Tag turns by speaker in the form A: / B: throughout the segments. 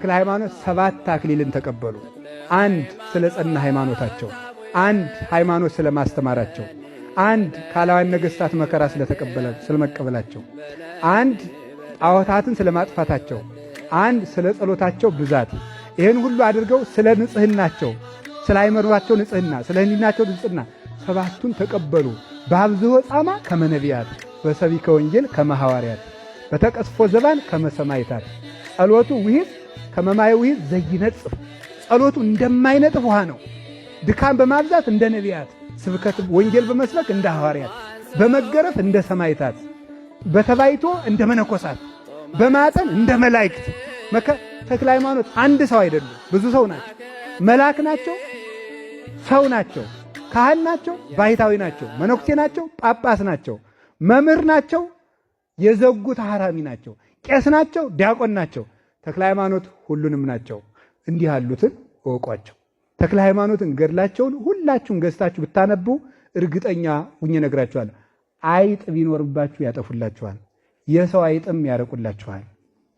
A: ተክለ ሃይማኖት ሰባት አክሊልን ተቀበሉ። አንድ ስለ ጸና ሃይማኖታቸው፣ አንድ ሃይማኖት ስለ ማስተማራቸው፣ አንድ ካላዋን ነገሥታት መከራ ስለመቀበላቸው፣ አንድ ጣዖታትን ስለ ማጥፋታቸው፣ አንድ ስለ ጸሎታቸው ብዛት ይህን ሁሉ አድርገው ስለ ንጽህናቸው፣ ስለ አይመሯቸው ንጽህና፣ ስለ ህሊናቸው ንጽህና ሰባቱን ተቀበሉ። በአብዝሆ ጻማ ከመነቢያት በሰቢከ ወንጌል ከመሐዋርያት በተቀስፎ ዘባን ከመሰማይታት ጸሎቱ ውሂብ ከመማየዊ ዘይነጽፍ ጸሎቱ እንደማይነጥፍ ውሃ ነው። ድካም በማብዛት እንደ ነቢያት፣ ስብከት ወንጌል በመስበክ እንደ ሐዋርያት፣ በመገረፍ እንደ ሰማይታት፣ በተባይቶ እንደ መነኮሳት፣ በማጠን እንደ መላእክት። ተክለ ሃይማኖት አንድ ሰው አይደሉም፣ ብዙ ሰው ናቸው። መልአክ ናቸው፣ ሰው ናቸው፣ ካህን ናቸው፣ ባሕታዊ ናቸው፣ መነኩሴ ናቸው፣ ጳጳስ ናቸው፣ መምህር ናቸው፣ የዘጉ ተሐራሚ ናቸው፣ ቄስ ናቸው፣ ዲያቆን ናቸው። ተክለ ሃይማኖት ሁሉንም ናቸው። እንዲህ ያሉትን እወቋቸው። ተክለ ሃይማኖትን ገድላቸውን ሁላችሁም ገዝታችሁ ብታነቡ እርግጠኛ ሁኜ ነግራችኋል። አይጥ ቢኖርባችሁ ያጠፉላችኋል፣ የሰው አይጥም ያረቁላችኋል።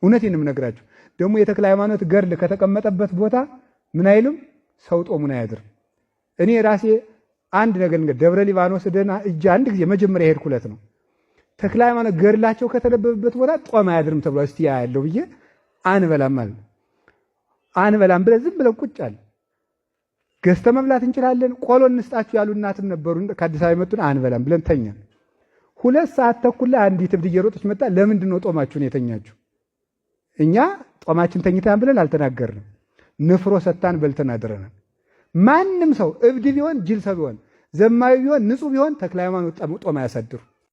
A: እውነቴንም ነግራችሁ ደግሞ የተክለ ሃይማኖት ገድል ከተቀመጠበት ቦታ ምን አይልም፣ ሰው ጦሙን አያድርም። እኔ ራሴ አንድ ነገር ደብረ ሊባኖስ ደና እጅ አንድ ጊዜ መጀመሪያ የሄድኩለት ነው ተክለ ሃይማኖት ገድላቸው ከተነበበበት ቦታ ጦም አያድርም ተብሎ እስቲ ያለው ብዬ አንበላም ማለት ነው። አንበላም ብለህ ዝም ብለን ቁጭ አለ። ገዝተ መብላት እንችላለን። ቆሎ እንስጣችሁ ያሉ እናትም ነበሩ ከአዲስ አበባ የመጡን። አንበላም ብለን ተኛን። ሁለት ሰዓት ተኩል ላይ አንዲት እብድ እየሮጠች መጣ። ለምንድን ነው ጦማችሁን የተኛችሁ? እኛ ጦማችን ተኝታን ብለን አልተናገርንም። ንፍሮ ሰታን በልተን አድረናል። ማንም ሰው እብድ ቢሆን ጅል ሰው ቢሆን ዘማዊ ቢሆን ንጹህ ቢሆን ተክለ ሃይማኖት ጦማ አያሳድሩ።